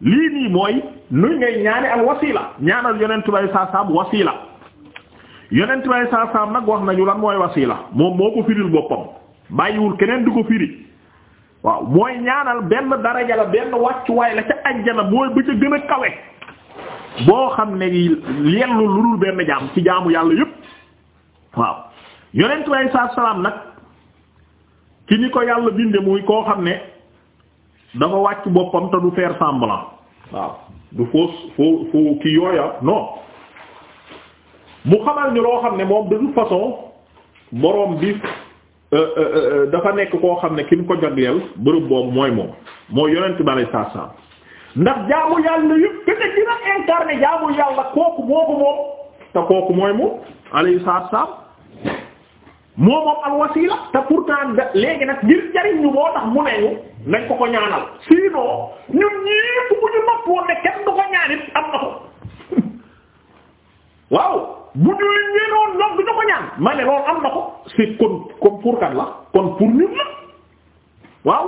lii nii mooy nuy ngay ñaane al wasila ñaanal yonent bay saasaam wasila yonent bay saasaam nag wax nañu la mooy wasila moom moo ko firil boppam bàyyiwul keneen di ko firi waaw mooy ñaanal benn daraja la benn wàccuwaay la ca ajjana mooy ba ca gën a kawe boo xam ne yellu lu dul benn jaam ci jaamu yàlla yépp waaw yonent bay saasaam nag ci ni ko yàlla binde muy koo xam ne dafa wàcc boppam te du faire semblant waaw du faux faux faux ki yooya non mu xamal ñu loo xam ne moom de toute façon boroom bi euh, euh, euh, dafa nekk koo xam ne ki mu ko jagleel bërëb boobu mooy moom mooy yonent bi alayhi salaam ndax jaamu yàlla yëpp te te dina incarné jaamu yàlla kooku moo moom te kooku mooy moom alayhi salaam moo moom al wasila te pourtant léegi nag ngir jariñ ñu tax mu ne ñu nañ ko ko ñaanal sinon ñun ñépp bu ñu nopp woon ne kenn du ko ñaanit am na ko waaw bu ñu ñeenoon ñoom du ñu ko ñaan ma ne am na ko c'est kon comme pour la kon pour ñun la waaw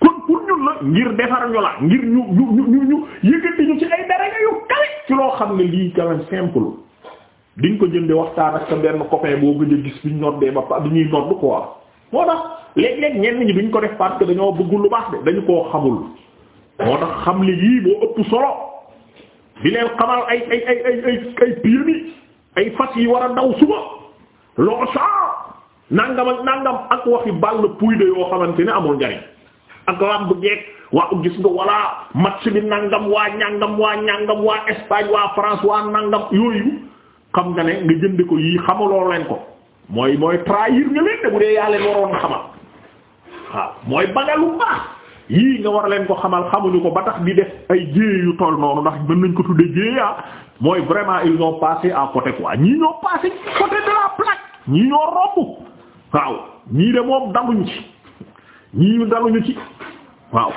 kon pour ñun la ngir defar ñu la ngir ñu ñu ñu ñu yëkkati ñu ci ay dara yu kawe ci loo xam ne lii quand même simple diñ ko jënde waxtaan ak sa benn copain boo gëj a gis biñ noddee ba pa bi ñuy nodd quoi moo tax léeg-léeg ñenn ñi duñ ko def parce que dañoo bëggul lu baax de dañu koo xamul moo tax xam li yii boo ëpp solo di leen xamal ay ay ay ay ay ay ay fas yi war a daw suba loo saa nangam ak nangam ak waxi ball puy de yoo xamante ne amul njariñ ak lam bu jeeg waa gis nga walla match bi nangam waa ñangam waa ñangam waa Espagne waa France waa nangam yooyu xam nga ne nga jënd ko yii xamaloo leen ko mooy mooy trahir nga leen de bu dee yaa leen waroon xamal waaw mooy bagalu baax yii nga war leen ko xamal xamuñu ko ba tax di def ay jéey yu toll noonu ndax mën nañ ko tuddee jéeya mooy vraiment ils ont passé à côté quoi ñii ñoo passé côté de la plaque ñii ñoo romb waaw ñii de moom daluñ ci ñii ñu daluñu ci waaw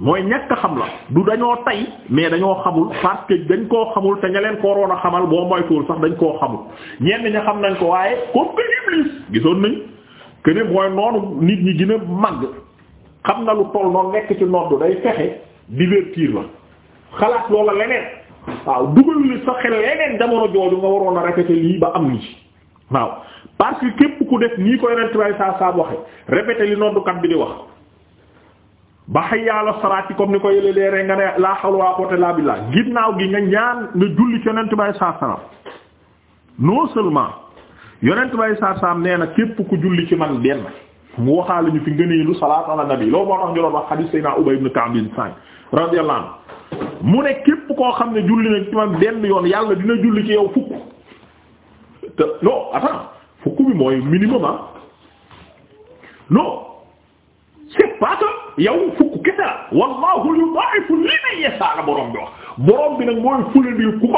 mooy ñàkk xam la du dañoo tay mais dañoo xamul parce que dañ koo xamul te ña leen ko waroon a xamal boo moytuwul sax dañ koo xamul ñenn ña xam nañ ko waaye comme que Iblis gisoon nañ que mooy noonu nit ñi gën a màgg xam na lu toll noonu nekk ci noddu day fexe divertir la xalaat loola leneen waaw dugal li sa xel leneen jamono jooju nga waroon a répéter lii ba am lii waaw parce que képp ku def nii koy ren saa saa waxe répéter li noddukat bi di wax. ba hayya ala ci comme ni ko yële leere nga ne laa hawla wala quwwata illa billah ginnaaw gi nga ñaan nga julli ci yonent bay saa salaam non seulement yonent bay saa salaam nee na képp ku julli ci man benn mu waxaale ñu fi ngëneelu salaat ala nabi loolu moo tax ñu doon wax hadith sayna Ubay ibn Ka'b bin Sa'd radiyallahu anhu mu ne képp koo xam ne julli na ci man benn yoon yàlla dina julli ci yow fukk te non attends fukk bi mooy minimum ah c'est pas que yow fukk kese la wallahu yudaa'ifu la borom bi wax borom bi nag mooy fulandil ku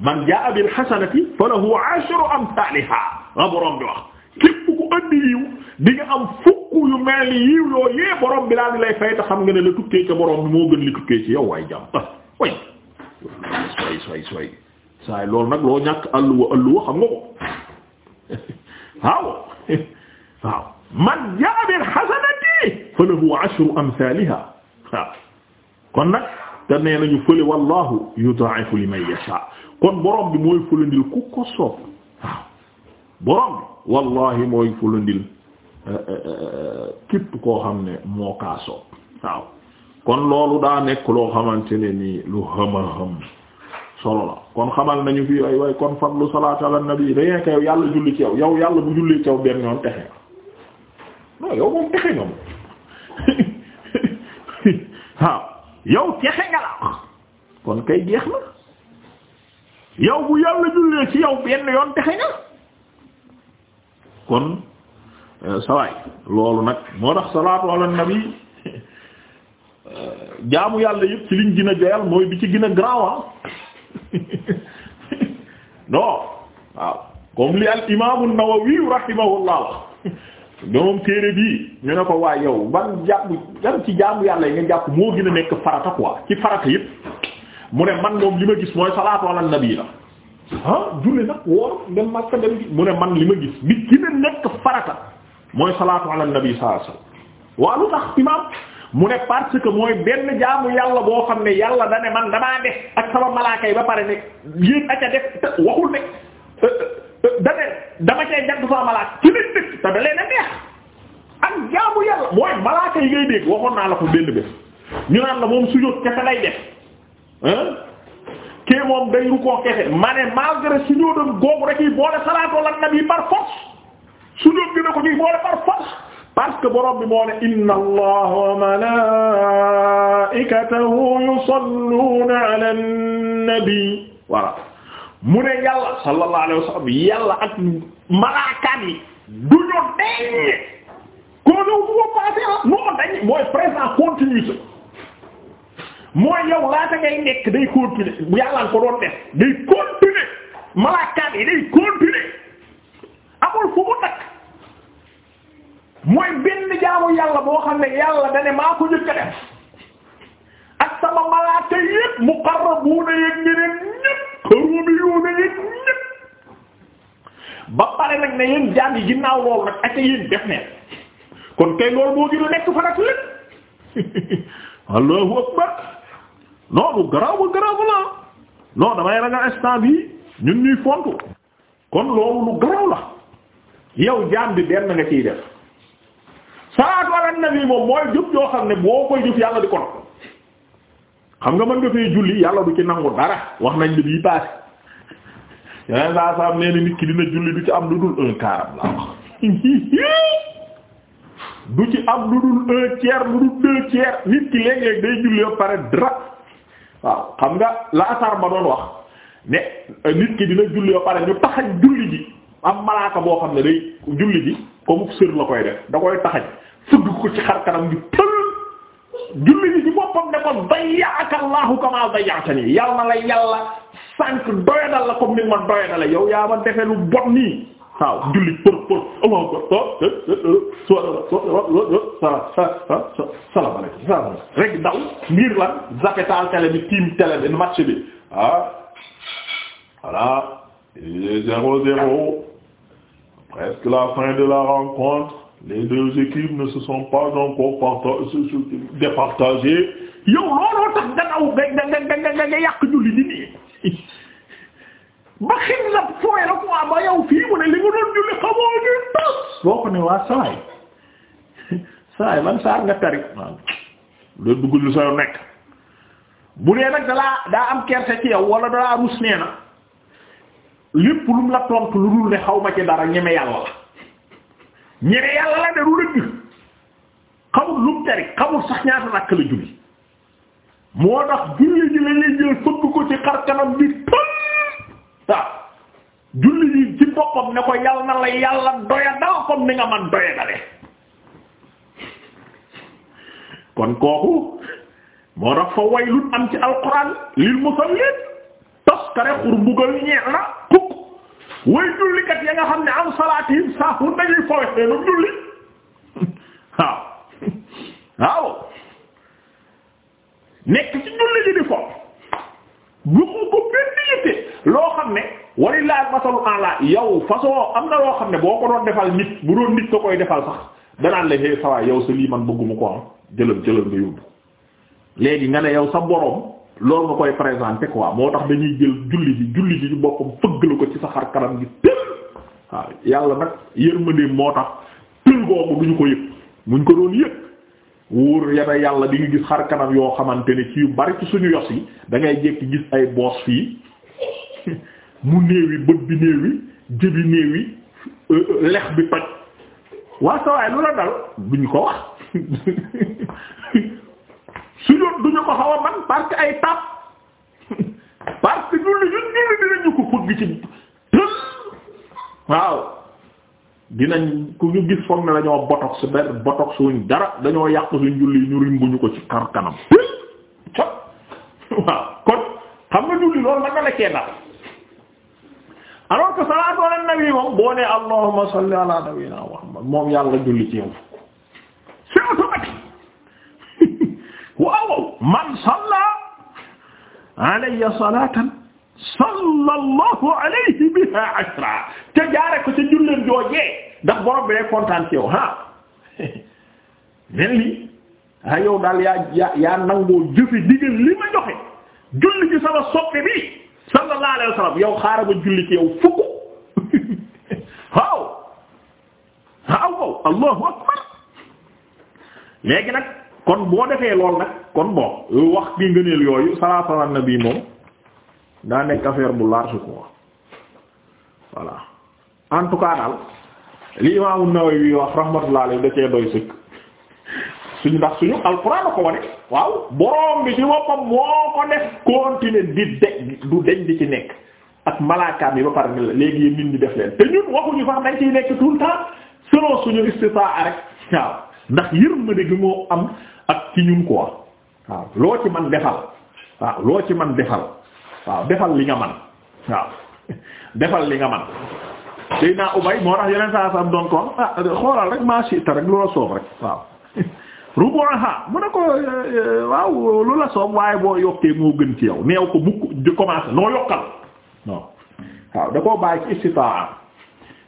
man jaa bil hasanati falahu ashru la borom bi wax képp ku andi yiw di nga am yu mel ni yee borom bi daal di lay fay xam nga ne la tukkee ca borom li tukkee ci yow waay jàmm ah, way soy soy soy saay loolu nag loo ñàkk alluwa alluwa xam nga ko man jaa bil hasanati falahu ashru amthaliha waaw kon nag te nee nañu fële wallahu yudaa'ifu liman yasha kon borom bi mooy fulandil ku ko soob waaw borom bi wallahi mooy fulandil eh, eh, eh, képp koo xam ne moo kaa soob waaw kon loolu daa nekk loo xamante ne nii lu hama ham solo la kon xamal nañu fi ay way kon fadlu salaatu ala nabi rien que yow yàlla julli ci yow yow yàlla bu julli ci yow benn yoon texe non yow moom texe nga moom yow texe nga la kon kay jeex na yow bu yàlla jullee ci yow benn yoon texe nga kon euh, sawaay loolu nag moo tax salaatu ala nabi euh, jaamu yàlla yëpp ci liñ gina a joyal mooy bi ci gën a grawa ah. non waaw li al imaamu Nawawi rahimahullah moom téere bii ñu ne ko waa yow ban jàpp yan ci jaamu yàlla yi nga jàpp moo gën a nekk farata quoi ci farata yëpp mu ne man moom li ma gis mooy salaatu la ah julli mu ne man li ma gën a nekk farata mooy salaatu ala nabi sallallahu alayhi wasallam waa lu tax imam mu ne parce que mooy benn jaamu yàlla boo xam ne yàlla da ne man damaa yi ba pare ne yéen a ca def dane dama cay jagg sama malaaka ci nit nit te da leen a neex jaamu yàlla mooy malaaka yi ngay dégg waxoon naa la ko benn bés ñu moom sujjóot kese lay def hein kee moom day rukkoo kese ma ne malgré sujjóotam googu rek yi boole salaatu ala nabi par force sujjóot dina boole par force parce que borom bi moo ne inna allaha wa malaa'ikatahu yusalluna ala nabi voilà mu ne yàlla sallallahu alayhi wa sallam ak malaakaan yi du ñu deñ koo dow bu ko passé la dañ mooy présent continu sa mooy yow laata ngay nekk day continuer bu ko doon def day continuer malaakaan day continuer amul fu mu takk mooy benn jaamu yàlla boo xam ne yàlla da maa ko njëkk a def ak sama malaaka yépp muqarrabuuna yéeg ñeneen ba pare nag ne yéen jaam yi ginnaaw loolu nag ak yéen def ne kon kay loolu boo gën a nekk farat lépp allahu lu garaaw garaaw la ah. non damay ragal instant bi ñun ñuy fontu kon loolu lu garaaw la yow jaam bi benn nga ciy def salaatu ala nabi moom mooy jëf joo xam ne boo koy jëf yàlla di ko xam nga mën nga fee julli yàlla du ci nangu dara wax nañ li bii paase yeneen saa saam nee na nit ki dina julli du ci am lu dul un quart la du ci am lu dul un day julli ba pare dra waaw xam nga la asar doon wax ne euh, nit dina julli ba pare ñu taxañ julli ji am malaaka boo xam ne day julli ji comme sër la koy def da koy taxañ fëgg ko ci xar gi julli ji ci boppam ne ko dayyaka Allahu kama dayyatani yàlla na la sànq doyadal la comme ni ma doyadale yow yaa ma defe lu bon nii waaw julli për për amaa ko to so so daw ngir lan zappe taal télé bi tiim match bi ah voilà zéro zéro presque la fin de la rencontre les deux équipes ne se sont pas encore partagées départagées yow looloo tax nga daw nga nga nga nga yàq julli di nii ba xin la fooy la quoi ba yow fii mu ne li nga doon julli xamoo ñu tas ne waa saay saay man saar nga tari waaw loolu dugg lu sa nekk bu dee nag dalaa daa am kerse ci yow wala dalaa rus nee na lépp lu mu la tontu lu dul ne xaw ma ci dara ñeme yàlla la ñeme yàlla la ne du dëgg xamul lu mu tari xamul sax ñaata rakk la julli moo tax julli ji la ñuy jël fëgg ko ci xar kanam bi waaw julli yi ci boppam ne ko yal na la yàlla doya dal comme ni nga man doya kon kooku moo tax fa waylun am ci alquran lil musallin toskare xur mbugal ñeex na kukk way jullikat ya nga xam ne am salaatihim saahu dañuy fowe seenu julli waaw waaw nekk ci julli ji di joxu ko benn yitte loo xam ne walillahi masalu ala yow façon am na loo xam ne boo ko doon defal nit bu doon nit ko koy defal sax danaan la xëy sawaay yow sa lii man bëgguma ko am ah, jëlal jëlal nga yóbbu léegi nga ne yow sa boroom loolu nga koy présenter quoi moo tax dañuy jël julli bi julli bi ñu boppam fëgg la ko ci sa xar kanam gi tël waaw yàlla nag yërmandeem moo tax tël googu duñu ko yëg muñ ko doon yëg wóor yaba yàlla di nga gis xar yoo xamante ne ci yu bari ci suñu yos yi da ngay gis ay boos fii mu néewi bët bi néewi jëbi néewi euh, euh, lex bi toj waa sa waay lu la dal duñ ko wax suñu duñu ko xaw man parce ay tap parce que ñun li ñun ñëwee dinañu ko fëgg ci tël waaw. dinañ ku gis foog ne dañoo botox benn botox suñ dara dañoo yàq suñ julli ñu ko ci kar kanam waaw kon xam nga julli loolu man na la cee dal alors que salaatu nabi moom boo nee allahumma salli ala nabiyina muhammad moom yàlla julli ci yow c'est automatique waaw man salla alayya salatan sallallahu alayhi biha ashra te jaare ko ca julleen joojee ndax borom bi day kontaan ci yow ah mel ni ah yow daal yaa yaa yaa nangoo jëfe digal li ma joxe julli ci sama soppe bi sallallahu alayhi wasallam yow xaaral ma julli ci fukk waaw waaw waaw allahu akbar léegi nag kon boo defee lool nag kon bon wax gi ngëneel yooyu salaatu ala moom daa nekk affaire bu large quoi voilà en tout cas li Imaam An-Nawawi wax rahmatullahi alayhi da cee doy suñu ndax suñu alxuraan a ko wane waaw borom bi ci boppam moo ko def continuer di de du deñ di ci nekk ak malaakaam yi ba pare léegi yéen nit ñi def leen te ñun waxuñu sax dañ ciy nekk tout le temps selon suñu istitaa rek waaw ndax yërmande gi moo am ak ci ñun quoi waaw loo ci man defal waaw loo ci man defal waaw defal li nga man waaw defal li nga man Seydina Ubay moo tax yeneen saa saam doon ko ah xoolal rek maa siita rek lu la soob rek waaw rubuha mu ne ko eh, eh, waaw lu la soob waaye boo yokkee moo gën ci yow neew ko mukk di commencer noo yokkal non waaw da koo ci istitaa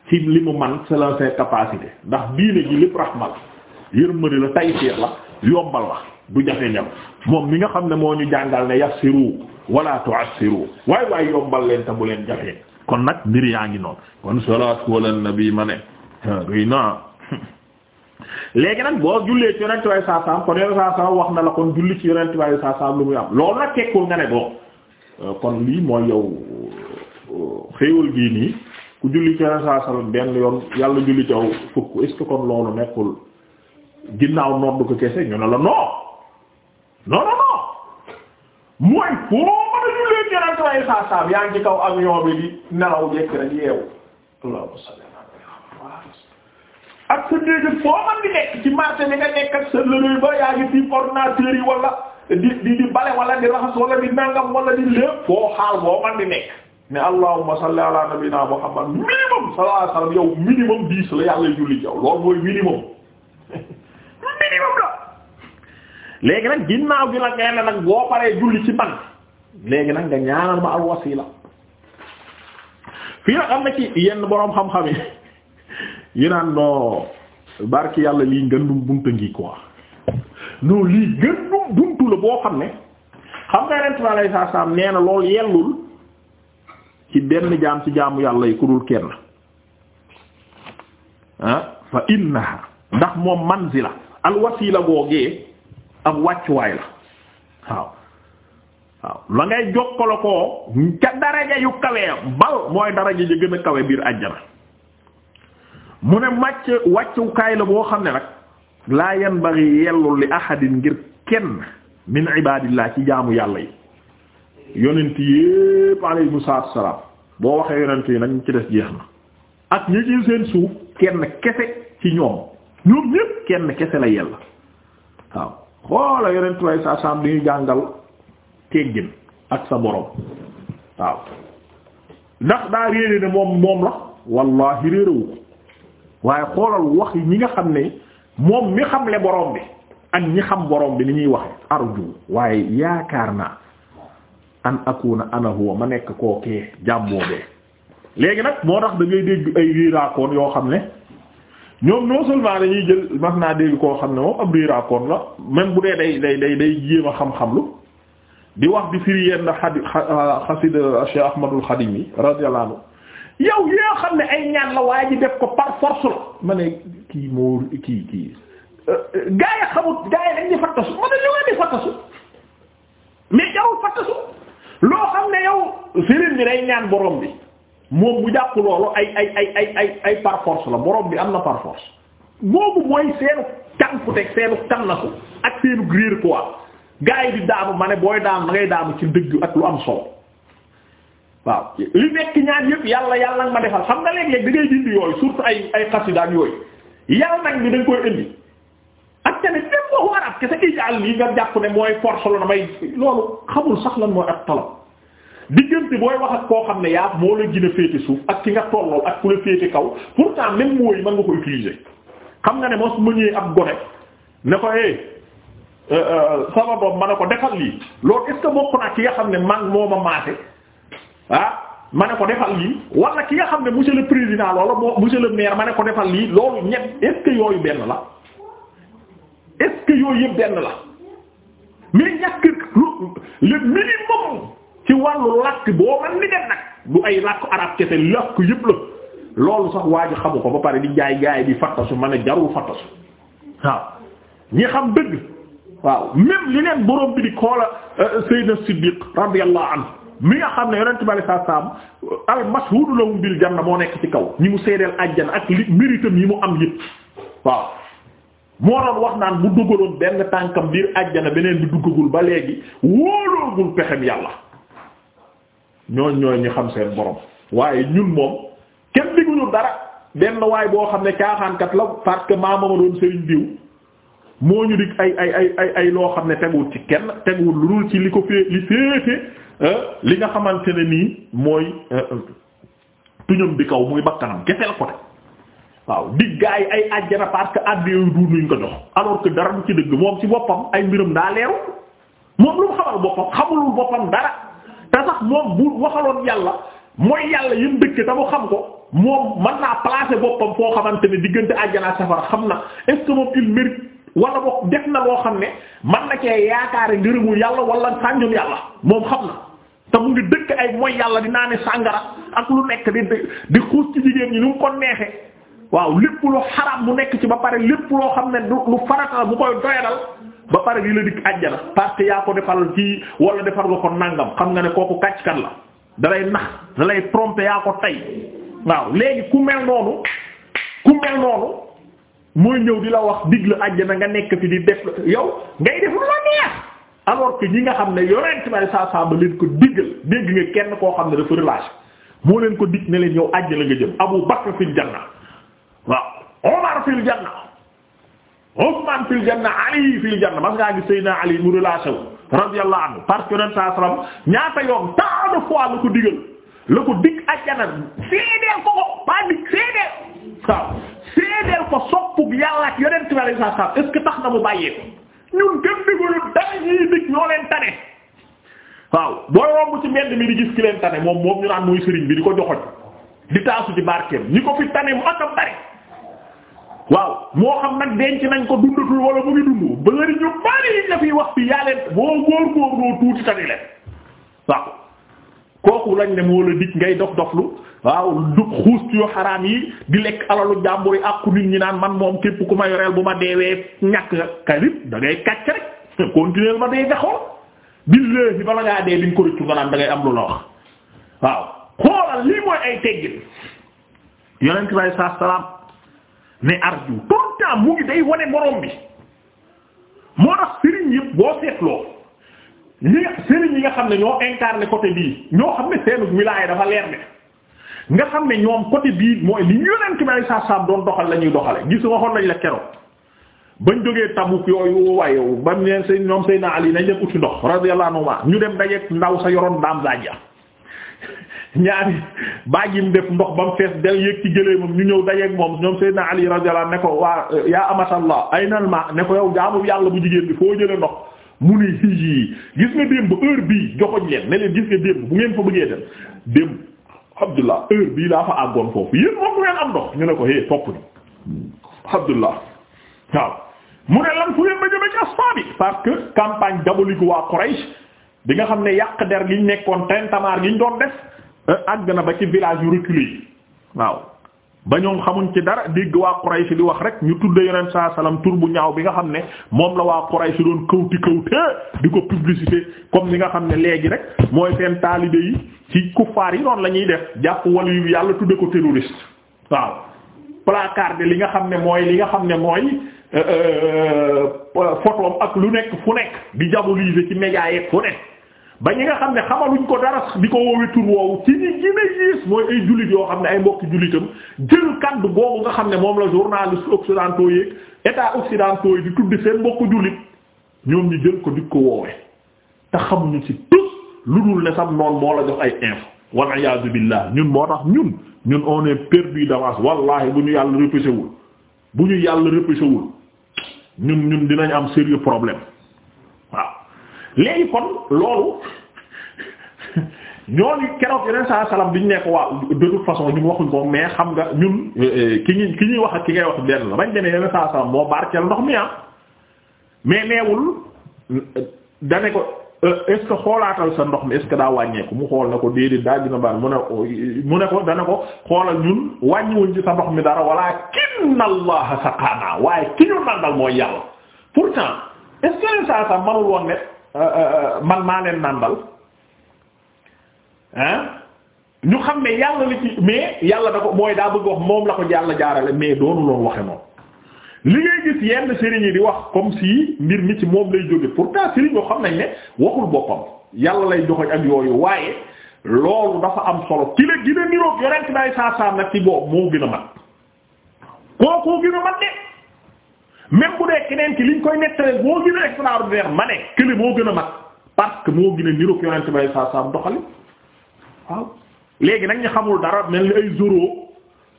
ci li mu man selon ses capacités ndax diine gi lépp rahma la yërmande la taysiir la yombal la du jafe ñam moom mi nga xam ne moo ñu jàngal ne yassiru wala tu'assiru waaye waaye yombal leen te bu leen jafe kon nag mbir yaa ngi noonu kon salaatu ala nabi ma ne guy nag boo jullee ci yonent saa saam kon yonent saa saam wax na la kon julli ci yonent baay saa lu muy am loolu nag tekkul nga ne boo euh, kon lii mooy yow euh, xéewal gii nii ku julli ci yonent saa saam benn yoon yàlla julli jaw fukk est kon loolu nekkul ginnaaw nodd ko kese ñu ne la non non non mooy foo yonent way saa saam yaa ngi ci kaw avion bi di nga nekk ak sa lëlëy di di bale wala di raxas wala di nangam wala di lépp foo xaal boo man di nekk mais allahumma salli muhammad minimum sallallahu alayhi wasallam yow minimum diis la yàlla julli jaw loolu minimum minimum la léegi nag ginnaaw gi la ngay ne nag boo paree julli ci man léegi nag nga ñaanal ma al wasila fii nag am na ci yenn boroom xam-xam yi naan noo barki yàlla lii ngëndum buntu ngi quoi non lii ngëndum buntu la boo xam ne xam nga yonent bi alayhi salaam nee na loolu yellul ci benn jaam ci jaamu yàlla yi ku dul kenn ah fa innaha ndax moom manzila al wasila googee ak wàccuwaay la waaw waaw la ngay jokkale koo ca daraja yu kawe bal mooy daraja ja gën a kawe biir àjjana mu ne màcc wàccukaay la boo xam ne nag laa yanbaghi yellul li ahadin ngir kenn min ibadillah ci jaamu yàlla yi yonent yépp alayhimu salaatu boo waxee yonent yi nag ñu ci des jeex na ak ñi ci seen suuf kenn kese ci ñoom ñoom ñépp kenn kese la yella waaw xoola yonent way sa di ñu jàngal teggin ak sa borom waaw ndax daa réere ne moom moom la wallahi réerewu ko waaye xoolal wax yi ñi nga xam ne moom mi xamle boroom bi ak ñi xam boroom bi ni ñuy waxe arju waaye yaakaar naa an akuna ana huwa ma nekk kookee jàm boobee léegi nag moo tax da dégg ay riiraakoon yoo xam ne ñoom non seulement dañuy jël mas naa dégg koo xam ne moom ab riiraakoon la même bu dee day day day day jéem xam-xam lu di wax di firi yenn xadi euh, xasida Cheikh Ahmadul Xadim yi radiyallahu anhu xam ne ay ñaan la waaye ji def ko par force la ma ne kii moo kii kii euh, gaa yi xamut gaa ne ñëwee di fattasu mais jarul fattasu loo xam ne yow sëriñ bi day ñaan borom bi moom bu jàpp loolu ay ay ay ay ay ay par force la borom bi am na par force boobu mooy seenu tànkute seenu tànnaku ak seenu grier quoi gaa yi di daamu ma ne booy daam da ngay daamu ci dëgg ak lu am solo waaw li nekk ñaan yëpp yàlla yàlla nag ma defal xam nga léeg-léeg da ngay dindi yooyu surtout ay ay xasidaan yooyu yàlla nag bi dañ koy indi ak tamit même waxu arab kese ijaal nga jàpp ne mooy force la damay loolu xamul sax lan mooy ak talab diggante booy wax koo xam ne yaa moo la gën féete suuf ak ki nga tollool ak ku la féete kaw pourtant même mooy mën nga ko utiliser xam nga ne mos ma ñëwee ab gone ne ko eh Euh, euh, sama bopp ma ne ko defal lii loolu ki nga xam ne man moo ma maase ah, ma ne ko defal lii wala ki xam ne monsieur le président loola moo monsieur le maire ma ne ko defal lii loolu ñett yooyu benn la est yëpp benn la mais ñàkk le minimum ci ay làkk arab kese làkk sax waa ji xamu ko ba pare di jaay gaay di fattasu ma ne jarul fattasu waaw ñi xam dëgg. waaw même li leen borom bi di xoola euh, Seydina Siddiq radiyallahu anhu mi nga xam ne yonent bi alayhi salaam euh, al mashhudu lahum bil janna moo nekk ci kaw ñi mu seedeel àjjana ak li méritam yi mu am yëpp waaw moo doon wax naan bu duggaloon benn tànkam biir àjjana beneen bi duggagul ba léegi wóoloogul pexem yàlla ñooñ ñooy ñu xam seen borom waaye ñun moom kenn digguñu dara benn waay boo xam ne caaxaankat la parce que maamama doon sëriñ diw moo ñu dig ay ay ay ay ay loo xam ne teguwul ci kenn teguwul lu dul ci li ko fee li féete euh, li nga xamante ne nii mooy euh, euh, tuñam di kaw muy bakkanam geseel côté waaw dig ay yi ay àjjana parce que àdd yooyu du nuñ ko jox alors que dara du ci dëgg moom ci boppam ay mbiram daa leeru moom lu mu xamal boppam xamulul boppam dara te sax moom bu waxaloon yàlla mooy yàlla yim dëkk te mu xam ko moom mën naa placer boppam foo xamante ne diggante àjjana safara xam na est moom wala boog def na loo xam ne man na cee yaakaare ngërëmu yàlla wala sànjum yàlla moom xam na te mu ngi dëkk ay mooy yàlla di naa ne sàngara ak lu nekk di di xuus ci jigéen ñi lu ko neexe waaw lépp lu xaraam mu nekk ci ba pare lépp loo xam ne lu farata bu koy doyadal ba pare di la dikk àjjana parce que yaa ko defal ci wala defal nga ko nangam xam nga ne kooku kàcckat la dalay nax dalay tromper yaa ko tey waaw léegi ku mel noonu ku mel noonu mooy ñëw di la wax diglu àjjana nga nekk fi di def yow ngay def lu la neex alors que ñi nga xam ne yonent bari saa saa ba leen ko diggal dégg nga kenn koo xam ne dafa relâché moo leen ko dig ne leen yow àjjana nga jëm Abu Bakr fil janna waaw Omar fil janna Uthman fil janna Ali fil janna mas ngaa gis Seydina Ali mu relâché wu radiyallahu anhu parce que yonent salaam ñaata yoon tant de fois la ko digal la ko dig àjjana seedeel ko ko pas dig seedeel seedeel ko soppug yàlla ak yonent bi alayhi salaam tax na mu bàyyee ko ñun kenn déglu dara ñuy ñoo leen tane waaw booy romb ci mbedd mi di gis ki leen tane moom moom ñu naan mooy sëriñ bi di ko joxoñ di taasu ci barkeem ñi ko fi tane mu ak bari waaw moo xam nag denc nañ ko dundatul wala mu ngi dund ba nga ñu bari la fiy wax fi yaa boo góor góor loo tuuti tane leen waaw. kooku lañ ne moo la dikk ngay dox doxlu waaw du xuus ci yoo xaraam yi di lekk alalu jàmbur yi àqu nit ñi naan man moom képp ku ma yoreel bu ma deewee ñàkk nga karib da ngay kàcc rek continuer ma dee nga xool billahi bala ngaa dee di ko rëccu nga naan da ngay am lu la wax waaw xoolal lii mooy ay teggin yonent bi alayhi salaam ne arju tout mu ngi day wane borom bi moo tax sëriñ yëpp boo seetloo ñi nga xam ne ñoo incarné côté bii ñoo xam ne seen wilaaya dafa leer ne nga xam ne ñoom côté bii mooy li yonent bi alayhi salaam doon doxal la ñuy doxale gis waxoon nañ la keroog bañ jógee Tabuk yooyu waaye bam neen seen ñoom Seydina Ali nañ dem uti ndox radiyallahu anhu ñu dem dajeek ndaw sa yoroon daam zaaja ñaari bàjjim def ndox ba mu fees del yéeg ci gëlee moom ñu ñëw dajeeg moom ñoom Seydina Ali radiyallahu ne ko waa yaa amatallah aynal ma ne ko yow jaamu yàlla bu jigéen bi foo jële ndox mu ne fii gis nga démb heure bii joxoñ leen ne leen gis nga démb bu ngeen fa bëggee dem démb Abdullah heure bii laa fa àggoon foofu yéen moom bu ngeen am ndox ñu ne ko hé topp ni Abdullah waaw mu ne lan fu ngeen ba jëme ci aspa bi parce que campagne diabolique waa Quraysh bi nga xam ne yàq der gi nekkoon ten tamaar gi ñu doon def eh, àgg na ba ci village yu reculé yi waaw ba ñoom xamuñ ci dara dégg waa Quraysh di wax rek ñu tudde yonent saa salaam tur bu ñaaw bi nga xam ne moom la waa Quraysh doon kawti kawte di ko publicité comme li nga xam ne léegi rek mooy seen taalibe yi ci kuffaar yi noonu la ñuy def jàpp wala yu yàlla tudde ko terroriste waaw placardé li nga xam ne mooy li nga xam ne mooy euh, euh, photom ak lu nekk fu nekk di diaboliser ci média yi fu nekk ba ñi nga xam ne xamaluñ ko dara di ko woowe tur woowu ci ñi gën a gis mooy ay jullit yoo xam ne ay mbokki jullitam jël kàddu googu nga xam ne moom la journaliste occidentaux yeeg état occidentaux yi di seen mbokku jullit ñoom ñu jël ko di ko woowe ci lu dul ne sax noonu moo la jox ay info wal iyaadu billah ñun moo tax ñun ñun on est perdu d'avance wallahi bu ñu yàlla repoussé wul bu ñu yàlla repoussé wul ñun ñun dinañ am sérieux problème léegi kon loolu ñooñu keroog yeneen saa salaam bi ñu nekk waa de toute façon ñun waxuñ ko mais xam nga ñun ki ñu ki ñuy wax ak ki ngay wax benn la bañ demee yeneen saa salaam moo barkeel ndox mi ah mais neewul dane ko euh, est xoolaatal sa ndox mi est ce que daa wàññeeku mu xool na ko déedéet daa dina bari mu ne mu ne ko dana ko xoolal ñun wàññiwuñ ci sa ndox mi dara walaakinna Allaha saqaanaa waaye ki ñu nàndal mooy yàlla pourtant est ce que yeneen manul woon ne. Euh, man maa leen nàndal hein ñu xam ne yàlla li ci mais yàlla da ko mooy daa bëgg wax moom la ko yàlla jaarale mais doonu loon waxe noonu li ngay gis yenn sëriñ yi di wax comme si mbir mi ci moom lay jóge pourtant sëriñ yoo xam nañ ne waxul boppam yàlla lay joxoñ ak yooyu waaye loolu dafa am solo ki la gën a niroog yorent nay saa saa nag ci boobu moo gën a mat kooku gën a mat même bu dee keneen ki ñu koy nettalee moo gën a extraordinaire ma ne kële moo gën a mag parce que moo gën a niroog yonent bi saa saa doxali waaw léegi nag ñu xamul dara mel ni ay Zorro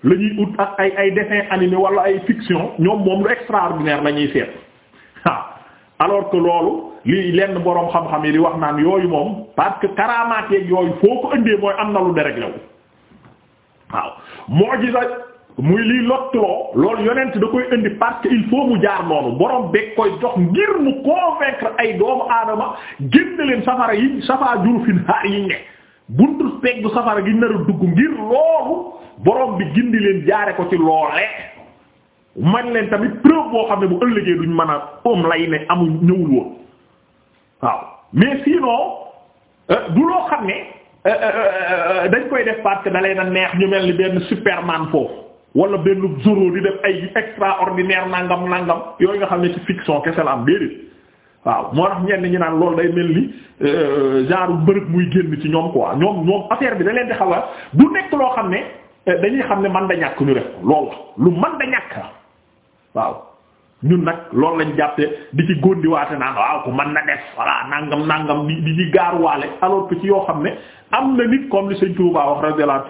la ñuy ut ak ay ay dessin animé wala ay fiction ñoom moom lu extraordinaire la ñuy seet waaw alors que loolu li lenn boroom xam-xam yi di wax naan yooyu moom parce que karaamaat yeeg yooyu foo ko indee mooy am na lu déréglé wu waaw mu'jiza muy liy lottuloo loolu yonent da koy indi parce que il faut mu jaar noonu borom beeg koy jox ngir mu convaincre ay doomu aadama génn leen safara yi safaa jurufin haar yi ne buntu peggu safara gi nar a dugg ngir loolu boroom bi gindi leen jaare ko ci loole man leen tamit preuve boo xam ne bu ëllëgee duñ mën a om lay ne amul ñëwul woon waaw mais sinon euh, du loo xam ne euh, euh, dañ koy def parce que da leen a neex ñu mel ni benn superman foofu wala benn zoro di def ay extraordinaire nangam nangam yooyu nga xam ne ci fiction kese la am déedéet waaw moo tax ñenn ñi naan lool day mel ni euh, genre bërëb muy génn ci ñoom quoi ñoom ñoom affaire bi da leen di xawa du nekk loo xam ne euh, dañuy xam ne man da ñàkk ñu def loolu lu man da ñàkk waaw ñun nag loolu lañ jàppee di ci góndiwaate naan waaw ku mën na def voilà nangam nangam di di ci gaaruwaale alors que ci yoo xam ne am na nit comme li sëñ Touba wax radiyallahu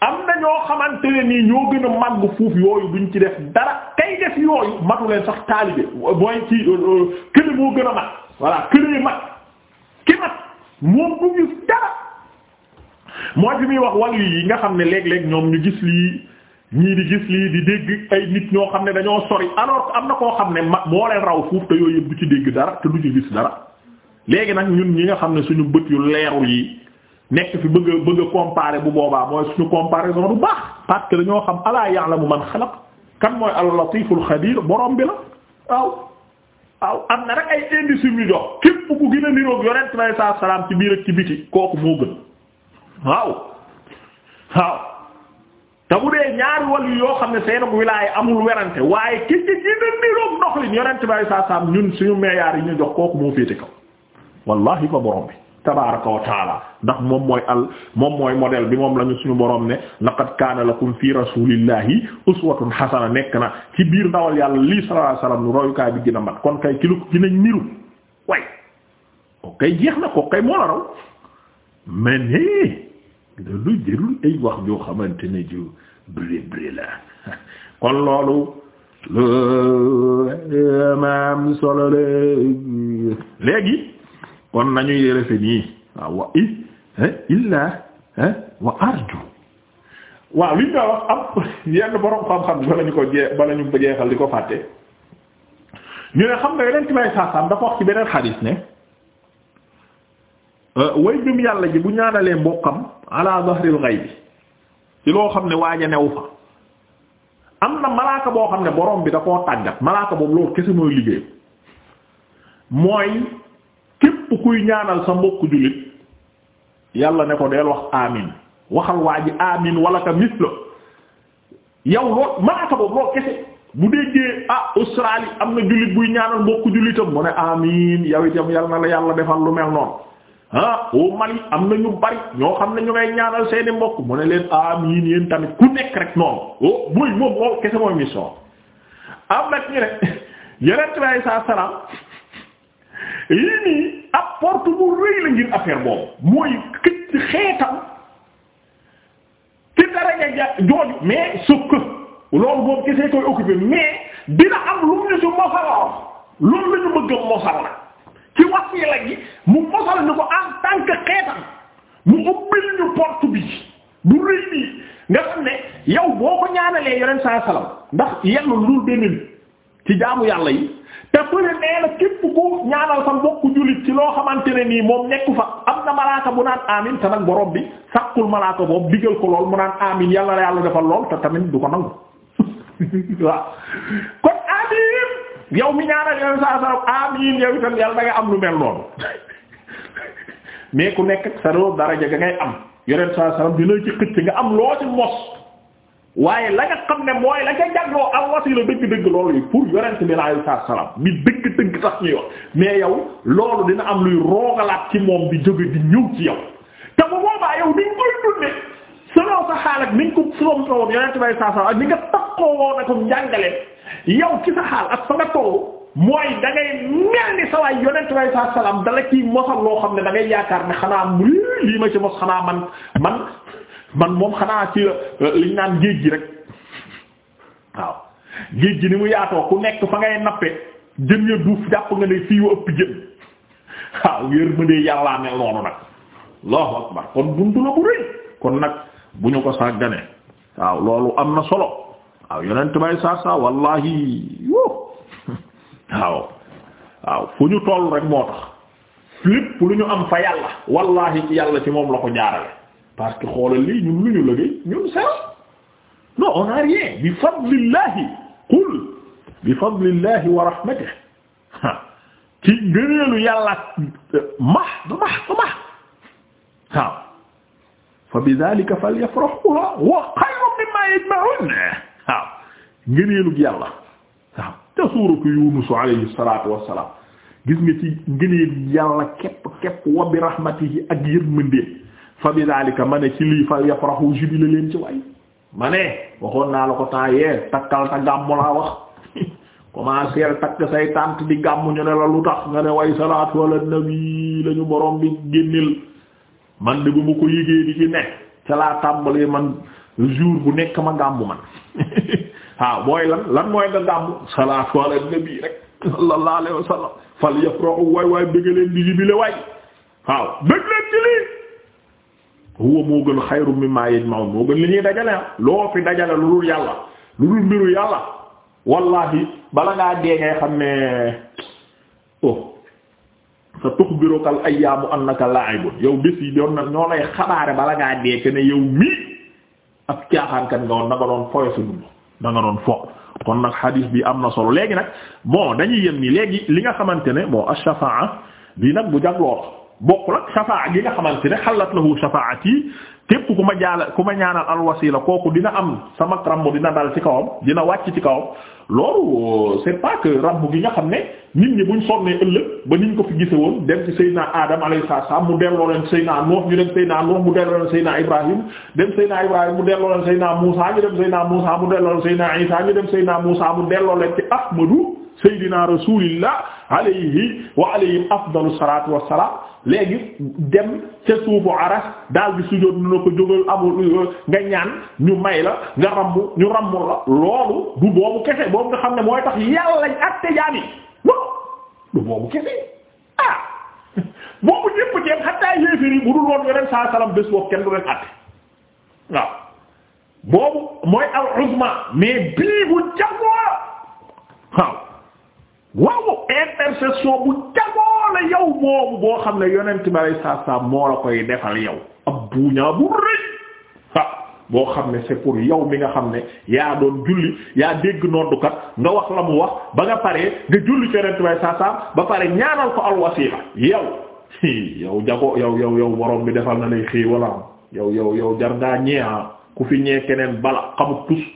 am na ñoo xamante nii ñoo gën a màgg fuuf yooyu duñ ci def dara kay def yooyu matu leen sax taalibe mooy ci euh, euh, kële moo gën a mat voilà këlee mat muy wax wàllu yi nga xam ne léeg-léeg ñoom ñu gis lii ñii di gis lii di dégg ay nit ñoo xam ne dañoo sori alors am na koo xam ne ma moo leen raw fuuf te yooyu yëpp du ci dégg dara te du ci gis dara léegi nag ñun ñi nga xam ne suñu bët yu leerul yi. nekk fi bëgg bëgg a comparer bu boobaa mooy suñu comparaison du baax parce que dañoo xam alaa ya'lamu man xalaq kan mooy al-latiful xabiir borom bi la waaw. waaw am na rek ay indice yu jox képp ku gën niroog yonent bi ci biir ak ci biti kooku moo gën waaw waaw dee ñaari wàll yoo xam ne seen wilaaya amul werante waaye ki ci gën a niroog doxalin yonent bi sallallahu alayhi wa ñun suñu meeyaar yi ñu jox kooku moo féete kaw wallahi fa borom bi. tabaaraka wa ndax moom mooy al moom mooy modèle bi moom lañu suñu borom ne laqad kaana lakum fi rasulillahi uswatun hasana nekk na ci biir dawal yàlla lii sallallahu alayhi royukaay bi gën a mat kon kay ki lu gën a niru way ko kay jeex na ko kay moo la raw mais wax joo xamante ne ju loolu lu léegi kon nañuy yérefe nii waaw wa i eh, illa eh, wa arju waaw liñ daa wax am yenn borom xam-xam bi bala ñu ko jee bala ñu jeexal di ko fàtte ñu ne xam nga yeneen ci may saasam dafa wax ci beneen xadiis ne eh, way jum yàlla ji bu ñaanalee mbokkam ala zahril ghaibi ci loo xam ne waaja newu fa am na malaaka boo xam ne borom bi da koo tàggat malaaka boobu loolu kese mooy liggéey mooy képp kuy ñaanal sa mbokku jullit yàlla ne ko deel wax amin waxal waa ji amin wala ka misla yow lool malaaka boobu lool kese bu déggee ah Australie am na jullit buy ñaanal mbokku jullitam mu ne amin yow itam yal na la yàlla defal lu mel noonu ah au Mali am na ñu bari ñoo xam ne ñu ngay ñaanal seeni mbokk mu ne leen amin yéen tamit ku nekk rek noonu oh muy moom lool kese mooy mission am nag ñu ne yeneen saa salaam yii nii ab porte bu rëy la ngir affaire boobu mooy xëcc xeetam ci dara ja jooju mais sukk loolu boobu kese koy occupé mais dina am lu mu ne su mosaloon loolu la ñu mosal la ci wasiila gi mu mosal ñu ko en tant que mu ubbil ñu porte bi bu rëy bi nga xam ne yow boo ko ñaanalee yeneen saa salaam ndax yellu lu dul benn ci jaamu yàlla yi. te fële nee na képp ku ñaanal sa mbokku jullit ci loo xamante ne nii moom nekku fa am na malaaka bu naan amin te nag borom bi sàkkul malaaka boobu digal ko lool mu naan amin yàlla na yàlla defal lool te tamit du ko nangu waaw kon amin yow mi ñaanal yow saa saa amin yow itam yàlla da nga am lu mel noonu mais ku nekk sa dara daraja ga ngay am yeneen saa saa dina ci xëcc nga am loo ci mos. waaye la nga xam ne mooy la ca jagloo al wasila dëgg-dëgg loolu yi pour yonent bi alayhi salaam bi dëgg-dëgg sax ñuy wax mais yow loolu dina am luy roogalaat ci moom bi jóge di ñëw ci yow te bu boobaa yow diñ koy dunde selon sa xaal ak ni ko foom woon yonent bi ak ni nga takkoo woon ak njàngale yow ki sa xaal ak fa nga tollu mooy da mel ni sa waay yonent bi alayhi salaam dala ciy mosal loo xam ne da ngay yaakaar ne xanaa lii ma ci mos xanaa man man man moom xanaa ci euh, liñ naan géej gi rek waaw géej gi ni mu yaatoo ku nekk fa ngay nappe jën ya duuf jàpp nga ne fii wa ëpp jën waaw yërmande yàllaa mel noonu nag allahu akbar kon buntu la bu rëy kon nag bu ñu ko sàggane waaw loolu am na solo waaw yonent bay saa saa wallahi yoo waaw waaw fu ñu toll rek moo tax lépp lu ñu am fa yàlla wallahi ci yàlla ci moom la ko jaarale parce que xoolal lii ñun lu ñu liggéey ñun sara non on a rien bi fadlillahi qul bi fadlillahi wa rahmatihi ci ngëneelu yàlla euh, max ba max ba max waaw fa bi dhalika falyafrahu wa khayrun mimma yajma'un waaw ngëneelu yàlla waaw te suuratu Yunus alayhi salaatu wassalaam gis nga ci ngëneelu yàlla képp képp wa bi rahmatihi ak yërmandeem fa bi daalika ma ne ci lii fa yafrahu jubile leen ci way ma ne waxoon naa la ko temps yee takkal ta gàmmu laa wax commencer takk say tànt di gàmmu ñu ne la lu tax nga ne way salaatu ala nabi lañu borom bi génnil man de bu ma ko yégee di ci nekk ca laa tàmbalee man jour bu nekk ma gàmmu man waaw mooy lan lan mooy nga gàmmu salaatu ala nabi rek sallallahu alayhi wa fal yafrahu way way bëgg leen di jubile way waaw bëgg leen ci lii huwa moo gën xayru mimma yajma'un moo gën li ñuy dajale ah. loo fi dajale lu dul yàlla lu dul mbiru yàlla wallahi bala ngaa dee ngay xam ne oh sa tuxbiruka al ayyaamu annaka laa'ibun yow bés yi doon na ñoo lay xabaare bala ngaa dee que ne yow mii ab caaxaankat nga woon na doon foyee sa dund na doon fo kon nag hadith bi am na solo léegi nag bon dañuy yem nii léegi li nga xamante ne bon ash-shafaa bi nag bu jag bokk la shafaa gi nga xamante ne xalat lahu shafaati képp ku ma jaala ku ma ñaanal alwasila kooku dina am sama rambu dina dal ci kawam dina wàcc ci kawam loolu euh, c'est pas que rambu gi nga xam ne nit ñi buñ sonnee ëllëg ba niñ ko fi gise woon dem ci Seydina Adam alayhi salaam mu delloo leen Seydina Nuux ñu dem Seydina Nuux mu delloo leen Seydina Ibrahim dem Seydina Ibrahim mu delloo leen Seydina Muusa ñu dem Seydina Muusa mu delloo leen Seydina Isa ñu dem Seydina Muusa mu delloo leen ci Ahmadu seydina rasulillah alayhi wa alayhim afdalu salaatu wassalaam léegi dem ca suufu aras daal di sujjóot nu na ko jógal amul nga ñaan ñu may la nga rammu ñu rammu loolu du boobu kese boobu nga xam ne mooy tax yàlla atte jaami no du ah, boobu kenn du leen atte waaw boobu mooy al uzma mais bii bu jagoo waaw waaw intercession bu jagoo la yow moomu boo xam ne yonent bi alay saa moo la koy defal yow ab buuñaa bu rëy ah boo xam ne c'est pour yow mi nga xam ne yaa doon julli yaa dégg noddukat nga wax la mu wax ba nga paree nga julli ci yonent bi ba pare ñaanal ko alwasiila yow yow jagoo yow yow yow borom bi defal na lay xii walla yow yow yow jar ngaa ñee ah. ku fi ñee keneen bala xamut tus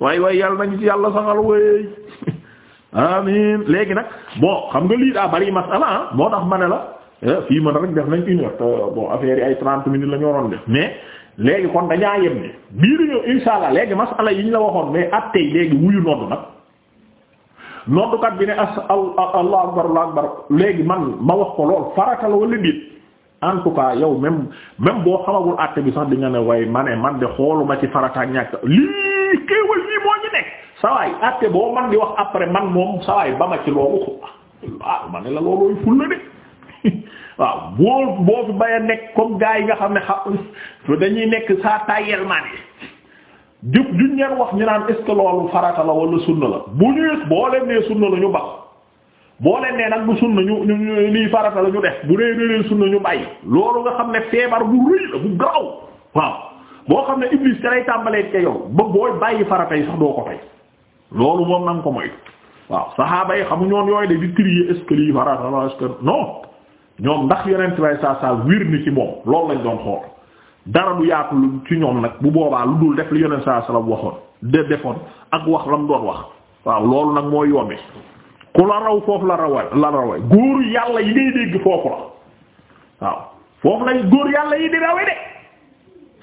waaye waay yàlla nañu ci yàlla saxal wéy amin léegi nag bon xam nga lii daa bari masala ah moo tax ma ne la eh, fii man rek def nañ une heure bon affaire yi ay trente minutes la ñu waroon def mais léegi kon dañaa yem ne bii di ñëw allah léegi masala yi ñu la waxoon mais at tey léegi wuyu nodd nag noddukat bi ne as allahu akbar allahu akbar léegi man ma wax ko lool farata la wala déet en tout cas yow même même boo xamagul àtte bi sax di nga ne waaye ma ne man de xooluma ci farata ak lii yii xéewal yii moo ñu nekk sawaay atte boo man di wax après man moom sawaay ba ci loolu ko waaw ma ne la loolooy fulla de waaw boo boo fi bay nekk comme gars yi nga xam ne xam dañuy nekk sa tayel man yi jub juñ ñeen wax ñu naan est-ce que loolu farata la wala sunna la bu ñu boo leen nee sunna la ñu bax boo leen nee nag bu sunna ñu ñu lii farata la ñu def bu dee dee sunna ñu bàyyi loolu nga xam ne feebar bu rëy la bu garaw waaw boo xam ne iblis ca lay tàmbalee ca yow ba booy bàyyi farata yi sax doo ko tey loolu moom na ko moytu waaw saxaaba yi xamu ñoon yooyu de di trier est-ce que lii farata la ñoom ndax yonent bay saa saa wir ni ci moom loolu lañ doon xool dara du yaatu ci ñoom nag bu boobaa lu dul def li yonent saa saa waxoon de defoon ak wax lam doon wax waaw loolu nag mooy yombi ku la raw foofu la rawa la rawa góor yàlla yi ngay dégg foofu la waaw foofu la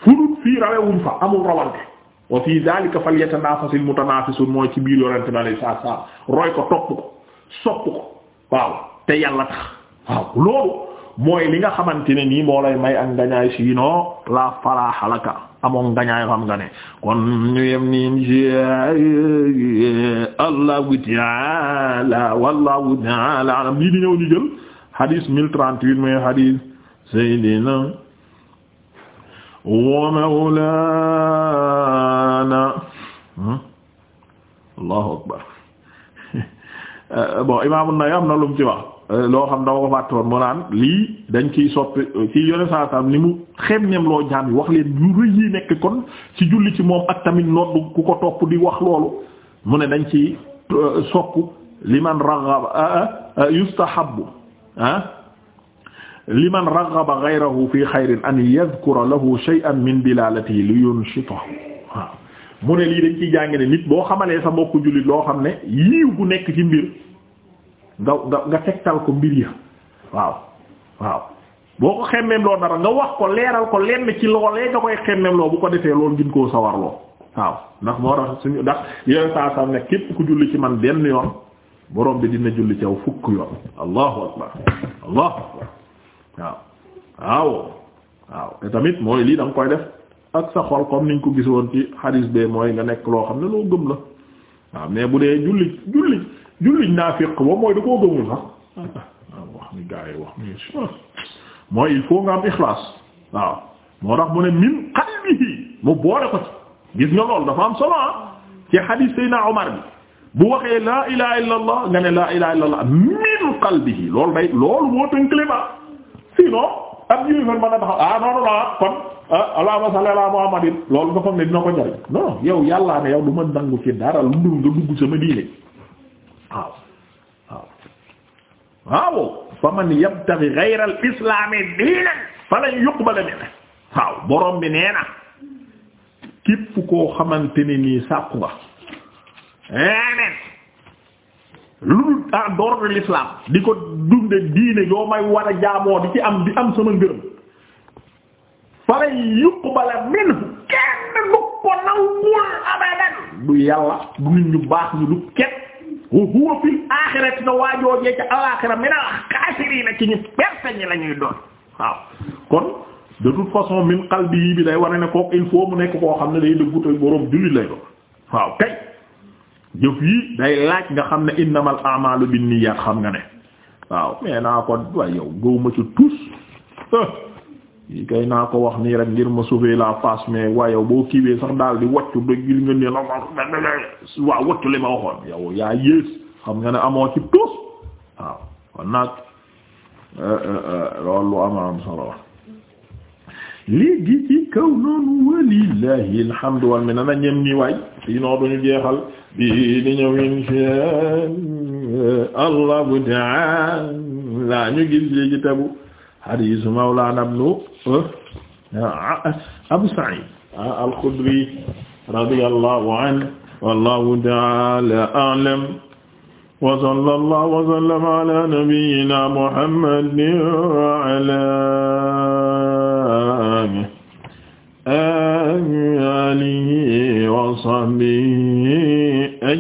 fu dul fii rawewuñ fa amul rawante wa fii daalika falyatanafasil mutanafisun mooy ci biir yonente bi alei saatu salam roy ko topp ko sopp ko waaw te yàlla tax waaw loolu mooy li nga xamante ne nii moo lay may ak ngañaay sinon la falaxalaka amoon ngañaay xam nga ne kon ñu yem ni insha allahu taala wallahu taala alam lii di ñëw ñu jël hadis 1038 mooy hadis sayyidina wa mawlaana hmm? allahu akbar bon imaamu Nawawi am na lu mu wax loo xam dama ko fàtte mu naan lii dañ ciy soppi ci yone saa tam ni mu xem ñem loo jaam yi wax leen yu rëy nekk kon ci julli ci moom ak tamit nodd ku ko topp di wax loolu mu ne dañ ci euh, sopp liman raghaba euh, euh, yustahabbu ah liman raghaba ghayrahu fi xayrin an yadhkura lahu shay'an min dilalatihi li yunshitahu waaw mu ne lii dañ ciy jàng ne nit boo xamalee sa mbokku jullit loo xam ne yiiw gu nekk ci mbir nga nga nga tegtal ko mbir ya waaw waaw boo ko xemmeem loo dara nga wax ko leeral ko lenn ci loolee nga koy xemmeem loo bu ko defee loolu gin koo sawarloo waaw ndax moo tax suñu ndax yeneen saa saa ne képp ku julli ci man benn yoon boroom bi dina julli ci aw fukk yoon allahu akbar allahu waaw waaw waaw te tamit mooy lii da koy def ak sa xol comme niñ ko gisoon ci hadis bee mooy nga nekk loo xam ne loo gëm la waaw mais bu dee jullit jullit jullit naafiq boobu mooy da koo gëmul sax waaw wax ni mooy il faut nga am ixlaas waaw moo tax mu ne min qalbihi mu boole ko ci gis nga loolu dafa am solo ah. ci hadis Seydina Omar bi bu waxee laa ilaha illa laa ilaha illa allah qalbihi loolu day loolu moo tënkle ba sinon am yéefar mën a taxaw ah non non non kon ah, allahumma salli ala muhammadin loolu nga foog ne dina ko jariñ non yow yàllaa ne yow du ma nangu ci dara lu dul nga dugg sama diine waaw waaw waaw fa man yabtaghi ghayra al islami diinan falan yuqbala minhu waaw borom bi nee na képp koo xamante ne nii sàkku nga leneen lu dul en dehors de l'islam di ko dunde diine yoo may war a jaamoo di ci am di am sama ngërëm fala yuqbala minhu kenn du ko nangul abadan du yàlla du nit ñu baax ñu du kenn wa huwa fil aaxirati na waajoojee ca alaaxira minal xaasiriina ci ñu perte ñi lañuy doon waaw kon de toute façon min qalbi bi day war ne ne kooku il faut mu nekk koo xam ne day dëggu boroom jullit lay doon waaw kay jëf yi day laaj nga xam ne innamal a'malu binniyat xam nga ne waaw mais naa ko waaye yow gëwuma ci tous yi kay naa ko wax nii rek ngir ma sauver la face mais waaye boo kiiwee sax daal di waccu da ngir nga ne la waaw waccu li ma waxoon yow yaa yées xam nga ne amoo ci tous waaw kon nag loolu lu am am solo léegi ci kaw noonu walillahi alhamdu wal minna ñem ni waay si noo duñu jeexal bii di ñëw inshaa Allahu ta'ala ñu gis li ci tabu hadiisu Mawlaana ibnu ah, Abu Sa'iid al-Xudri radiyallahu anhu wallahu ta'ala a'lam wa sallallahu wa sallama ala nabiyyina Muhammadin wa ala alihi wa sahbihi